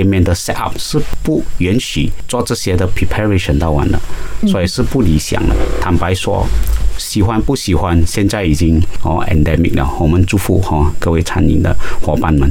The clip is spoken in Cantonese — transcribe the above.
店面的 set up 是不允許做這些的 preparation 到完的，所以是不理想的。坦白說，喜歡不喜歡，現在已經哦 endemic 了。我們祝福哈、哦、各位餐飲的夥伴們。